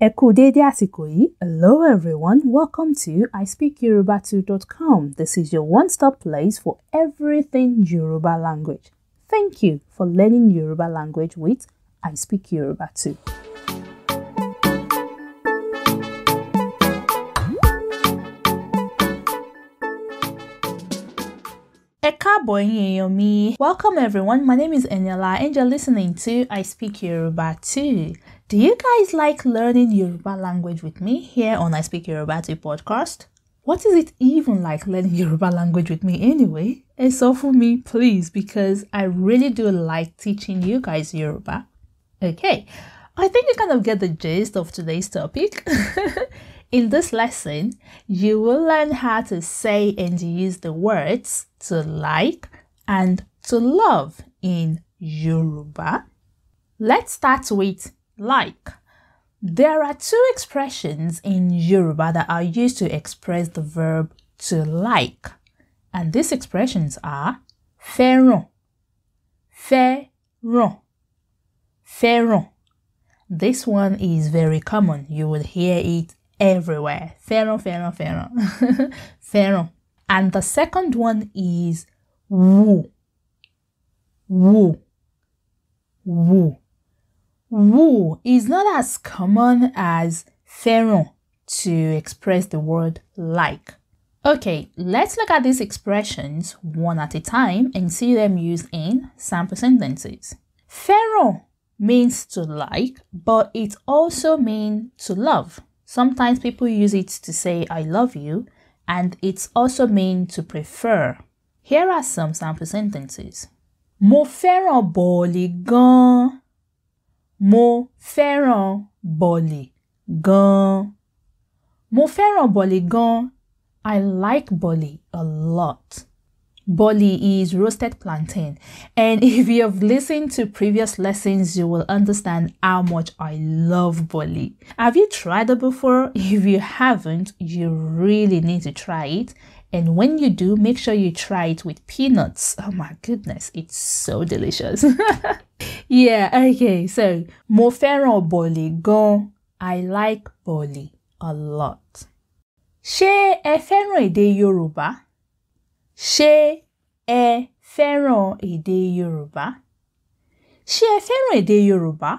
Hello everyone, welcome to ispeakyoruba2.com. This is your one-stop place for everything Yoruba language. Thank you for learning Yoruba language with I Speak Yoruba 2. Welcome everyone. My name is Eniola and you're listening to I Speak Yoruba 2. Do you guys like learning Yoruba language with me here on I Speak Yoruba to podcast? What is it even like learning Yoruba language with me anyway? And so for me, please, because I really do like teaching you guys Yoruba. Okay, I think you kind of get the gist of today's topic. In this lesson, you will learn how to say and use the words to like and to love in Yoruba. Let's start with like. There are two expressions in Yoruba that are used to express the verb to like, and these expressions are feron, feron, feron. This one is very common. You would hear it everywhere. Feron, feron, feron, feron. And the second one is wù, wù, wù. Wu is not as common as feron to express the word like. Okay, let's look at these expressions one at a time and see them used in sample sentences. Feron means to like, but it also means to love. Sometimes people use it to say I love you, and it also means to prefer. Here are some sample sentences. Mo feron boligan. Mo fẹ́ràn bọ̀lì gan-an. Mo fẹ́ràn bọ̀lì gan-an. I like boli a lot. Boli is roasted plantain, and if you have listened to previous lessons, you will understand how much I love boli. Have you tried it before? If you haven't, you really need to try it. And when you do, make sure you try it with peanuts. Oh my goodness, it's so delicious. yeah, okay, so mo fẹ́ràn bọ̀lì go. I like bọ̀lì a lot. She ẹ fẹ́ràn èdè Yorùbá? Ṣé ẹ fẹ́ràn èdè Yorùbá? Ṣé ẹ fẹ́ràn èdè Yorùbá?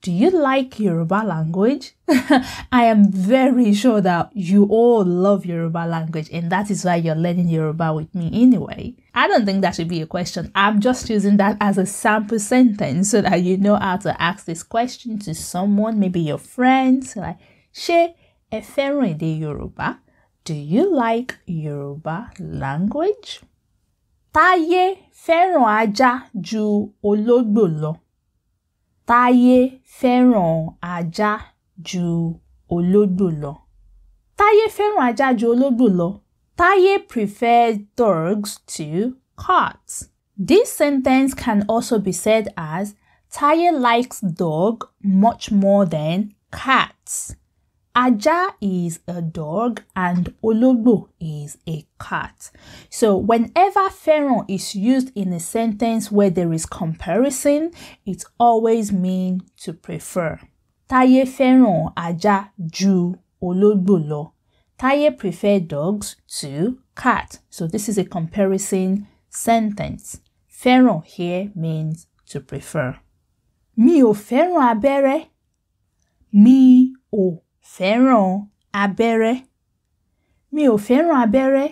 Do you like Yoruba language? I am very sure that you all love Yoruba language and that is why you're learning Yoruba with me anyway. I don't think that should be a question. I'm just using that as a sample sentence so that you know how to ask this question to someone, maybe your friends, like, she, ẹ fẹ́ràn Yorùbá? Do you like Yoruba language? Táyé fẹ́ràn ajá ju ológbò lọ. Táyé fẹ́ràn ajá ju ológbò lọ. Táyé fẹ́ràn ajá ju ológbò lọ. Táyé prefers dogs to cats. This sentence can also be said as Táyé likes dog much more than cats. Aja is a dog and Ologbo is a cat. So whenever Feron is used in a sentence where there is comparison, it always means to prefer. Taye Feron Aja ju Ologbo lo. Taye prefer dogs to cat. So this is a comparison sentence. Feron here means to prefer. Mi ò feron abẹ́rẹ́. Mi ò fẹ́ràn abẹ́rẹ́. Mi ò fẹ́ràn abẹ́rẹ́.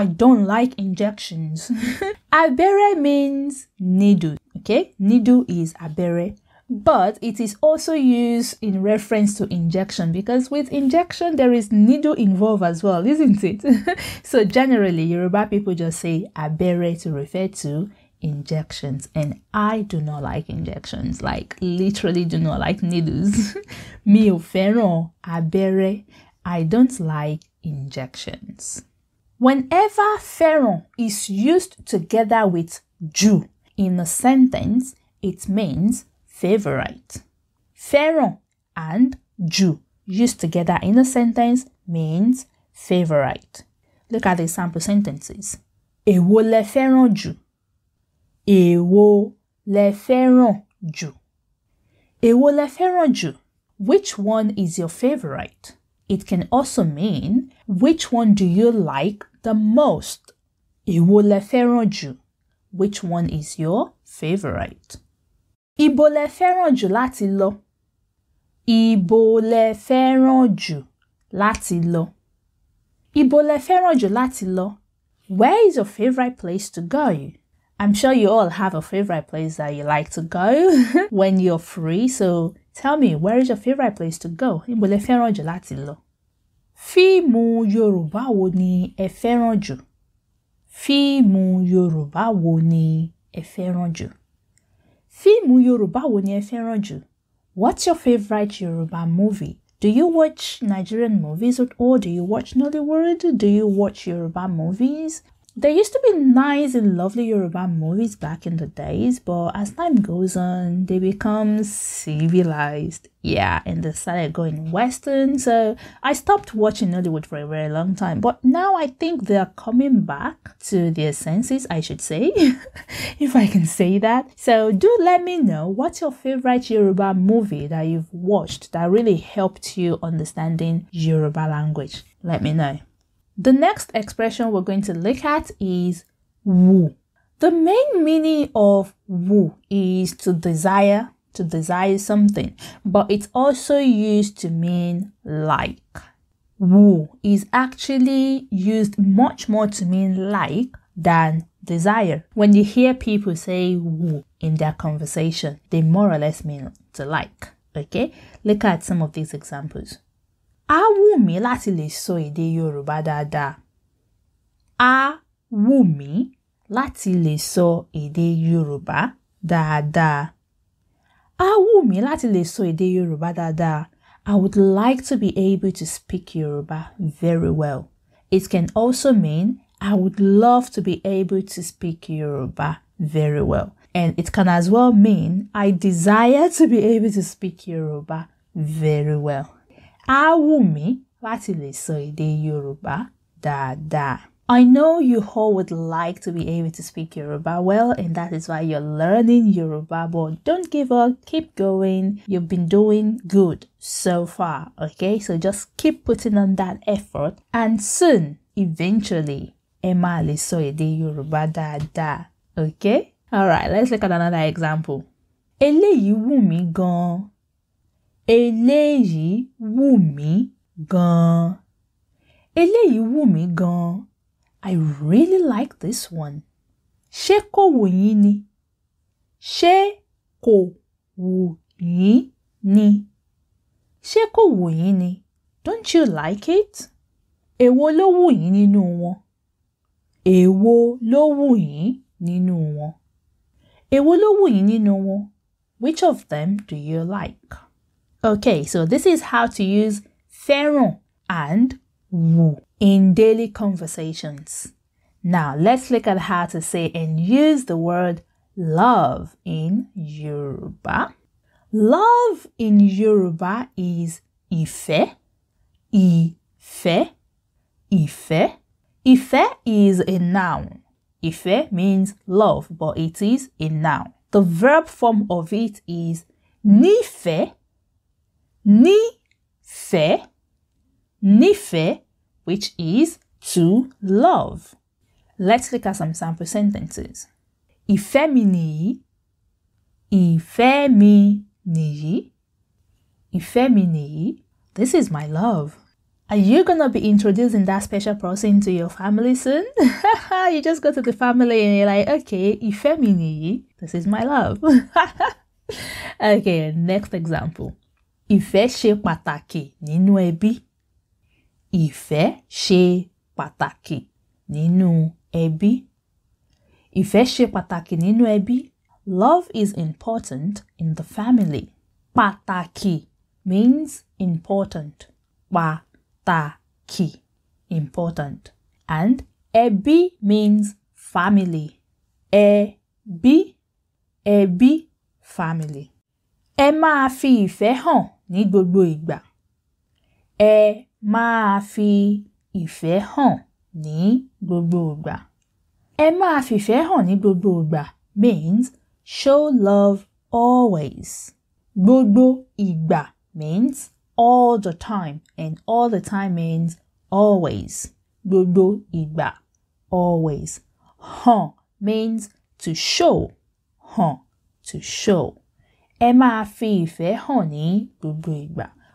I don't like injections. abẹ́rẹ́ means needle, okay? Needle is abẹ́rẹ́. But it is also used in reference to injection because with injection there is needle involved as well, isn't it? so generally Yoruba people just say abẹ́rẹ́ to refer to injections and I do not like injections like literally do not like needles mi ò fẹ́ràn abẹ́rẹ́ I don't like injections whenever feron is used together with jù in a sentence it means favorite Feron and jù used together in a sentence means favorite look at the sample sentences ewole lẹ fẹ́ràn jù Èwo lẹ fẹ́ràn jù? Èwo lẹ fẹ́ràn jù? Which one is your favorite? It can also mean which one do you like the most? Èwo lẹ fẹ́ràn jù? Which one is your favorite? Ibo lẹ fẹ́ràn jù láti lọ? Ibo lẹ fẹ́ràn jù láti lọ? Ibo lẹ fẹ́ràn jù láti lọ? Where is your favorite place to go? I'm sure you all have a favorite place that you like to go when you're free. So tell me, where is your favorite place to go? Ibo lẹ fẹ́ràn Fi láti lọ? Yorùbá wo ni ẹ fẹ́ràn jù? Yorùbá wo ni ẹ fẹ́ràn jù? Yorùbá wo ni ẹ jù? What's your favorite Yoruba movie? Do you watch Nigerian movies or do you watch Nollywood? Do you watch Yoruba movies there used to be nice and lovely Yoruba movies back in the days, but as time goes on, they become civilized. Yeah, and they started going western, so I stopped watching Hollywood for a very long time. But now I think they are coming back to their senses, I should say, if I can say that. So do let me know what's your favorite Yoruba movie that you've watched that really helped you understanding Yoruba language. Let me know. The next expression we're going to look at is wu. The main meaning of wu is to desire, to desire something, but it's also used to mean like. Wu is actually used much more to mean like than desire. When you hear people say wu in their conversation, they more or less mean to like. Okay, look at some of these examples á wù mí láti lè sọ èdè Yorùbá dáadáa. á wù mí láti lè sọ èdè Yorùbá dáadáa. á wù mí láti lè sọ èdè Yorùbá dáadáa. I would like to be able to speak Yoruba very well. It can also mean I would love to be able to speak Yoruba very well. And it can as well mean I desire to be able to speak Yoruba very well á wù mí láti lè sọ èdè Yorùbá dáadáa. I know you all would like to be able to speak Yoruba well, and that is why you're learning Yoruba, but don't give up, keep going. You've been doing good so far, okay? So just keep putting on that effort, and soon, eventually, Emma lè sọ èdè Yoruba da. okay? Alright, let's look at another example. Eléyìí wumi mí eléyìí wù mí gan-an eléyìí wù mí gan-an I really like this one ṣé kò wù yín ni ṣé kò wù yín ni ṣé kò wù yín ni don't you like it èwo ló wù yín nínú wọn èwo ló wù yín nínú wọn èwo ló wù yín nínú wọn which of them do you like. Okay, so this is how to use feron and vous in daily conversations. Now let's look at how to say and use the word love in Yoruba. Love in Yoruba is ife, ife, ife. Ife is a noun. Ife means love, but it is a noun. The verb form of it is nife ni fe, ni fe, which is to love. Let's look at some sample sentences. Ìfẹ́ mi ni, Ìfẹ́ mi ni, Ìfẹ́ mi ni. This is my love. Are you gonna be introducing that special person to your family soon? you just go to the family and you're like, okay, Ifemini, this is my love. okay, next example. Ìfẹ́ ṣe pàtàkì nínú ẹbí. Ìfẹ́ ṣe pàtàkì nínú ẹbí. Ìfẹ́ ṣe pàtàkì nínú ẹbí. Love is important in the family. Pàtàkì means important. Pàtàkì important. And ẹbí means family. Ẹbí ẹbí family. Ẹ máa fi ìfẹ́ hàn. ní gbogbo ìgbà ẹ máa fi ìfẹ́ hàn ní gbogbo ìgbà ẹ máa fìfẹ́ hàn ní gbogbo ìgbà means show love always gbogbo ìgbà means all the time and all the time means always gbogbo ìgbà always hàn means to show hàn to show. Emma, máa honey,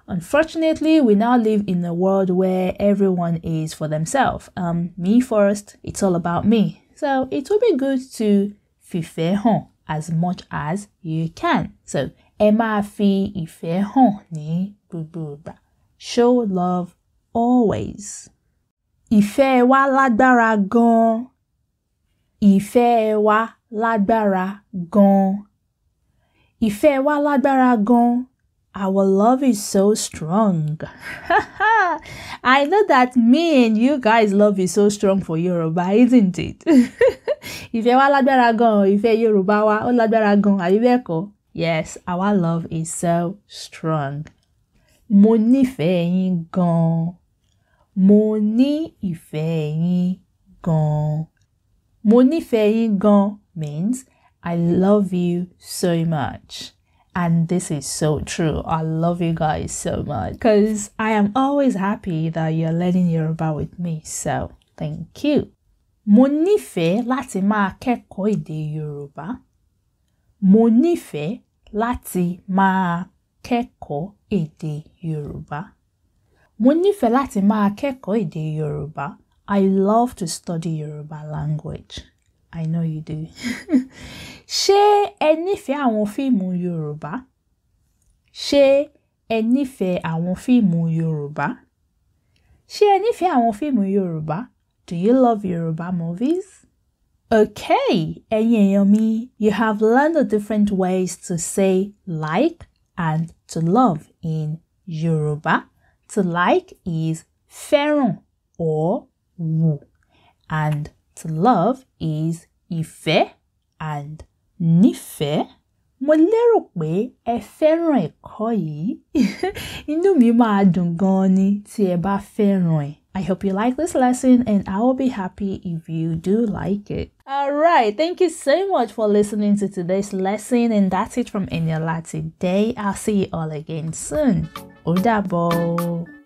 Unfortunately, we now live in a world where everyone is for themselves. Um, me first, it's all about me. So it will be good to fìfẹ́ hon, as much as you can. So Emma, máa honey, Show love always. Ìfẹ́ wa ladara gon, Ìfẹ́ wa ladara gon. Ìfẹ́ wa lágbára gan. Our love is so strong. I know that me and you guys love is so strong for Yoruba, isn't it? Ìfẹ́ wa lágbára gan, ìfẹ́ Yorùbá wa ó lágbára gan, àbí bẹ́ẹ̀ Yes, our love is so strong. Mo nífẹ̀ẹ́ yín gan. Mo ní ìfẹ́ yín gan. Mo nífẹ̀ẹ́ yín gan means I love you so much. And this is so true. I love you guys so much because I am always happy that you're learning Yoruba with me. So thank you. Mo fe láti ma keko èdè Yorùbá. Mo fe láti ma keko èdè Yorùbá. Mo fe láti ma keko èdè Yorùbá. I love to study Yoruba language. I know you do. Ṣé ẹ nífẹ̀ẹ́ àwọn fíìmù Yorùbá? Ṣé ẹ nífẹ̀ẹ́ àwọn fíìmù Yorùbá? Ṣé ẹ nífẹ̀ẹ́ àwọn fíìmù Yorùbá? Do you love Yorùbá movies? Okay, ẹ̀yin èèyàn mi, you have learned the different ways to say like and to love in Yorùbá. To like is feron or wù and to love is ìfẹ́ and nífẹ̀ẹ́ mo lérò pé ẹ fẹ́ràn ẹ̀kọ́ yìí inú mi máa dùn gan ni tí ẹ bá fẹ́ràn ẹ̀. I hope you like this lesson and I will be happy if you do like it. Alright, thank you so much for listening to today's lesson and that's it from Eniola today. I'll see you all again soon. Ó dàbọ̀!